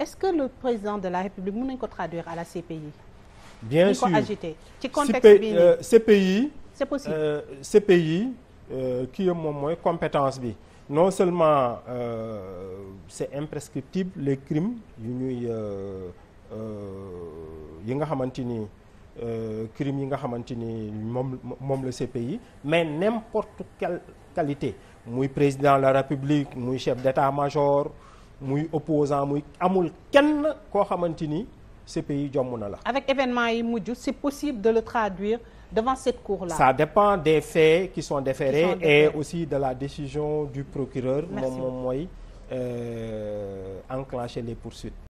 est-ce que le président de la République mën nañu ko traduire à la CPI. bien Nous sûr ñu ko agité ci contexte bi euh, CPI. c'est possible euh, CPI kii euh, moom mooy compétence bi non seulement euh, c'est imprescriptible les crimes yu ñuy euh, euh, yi nga xamante ni crimes yi nga xamante ni moom moom la CPI mais n'importe quelle qualité muy président la République muy chef d'état-major. muy opposant muy amul kenn koo xamante ni CPI jomm na la. avec événement yi mujj c'est possible de le traduire devant cette cour là. ça dépend des faits qui sont déférés et aussi de la décision du procureur. moom moom mooy euh, enclencher les poursuites.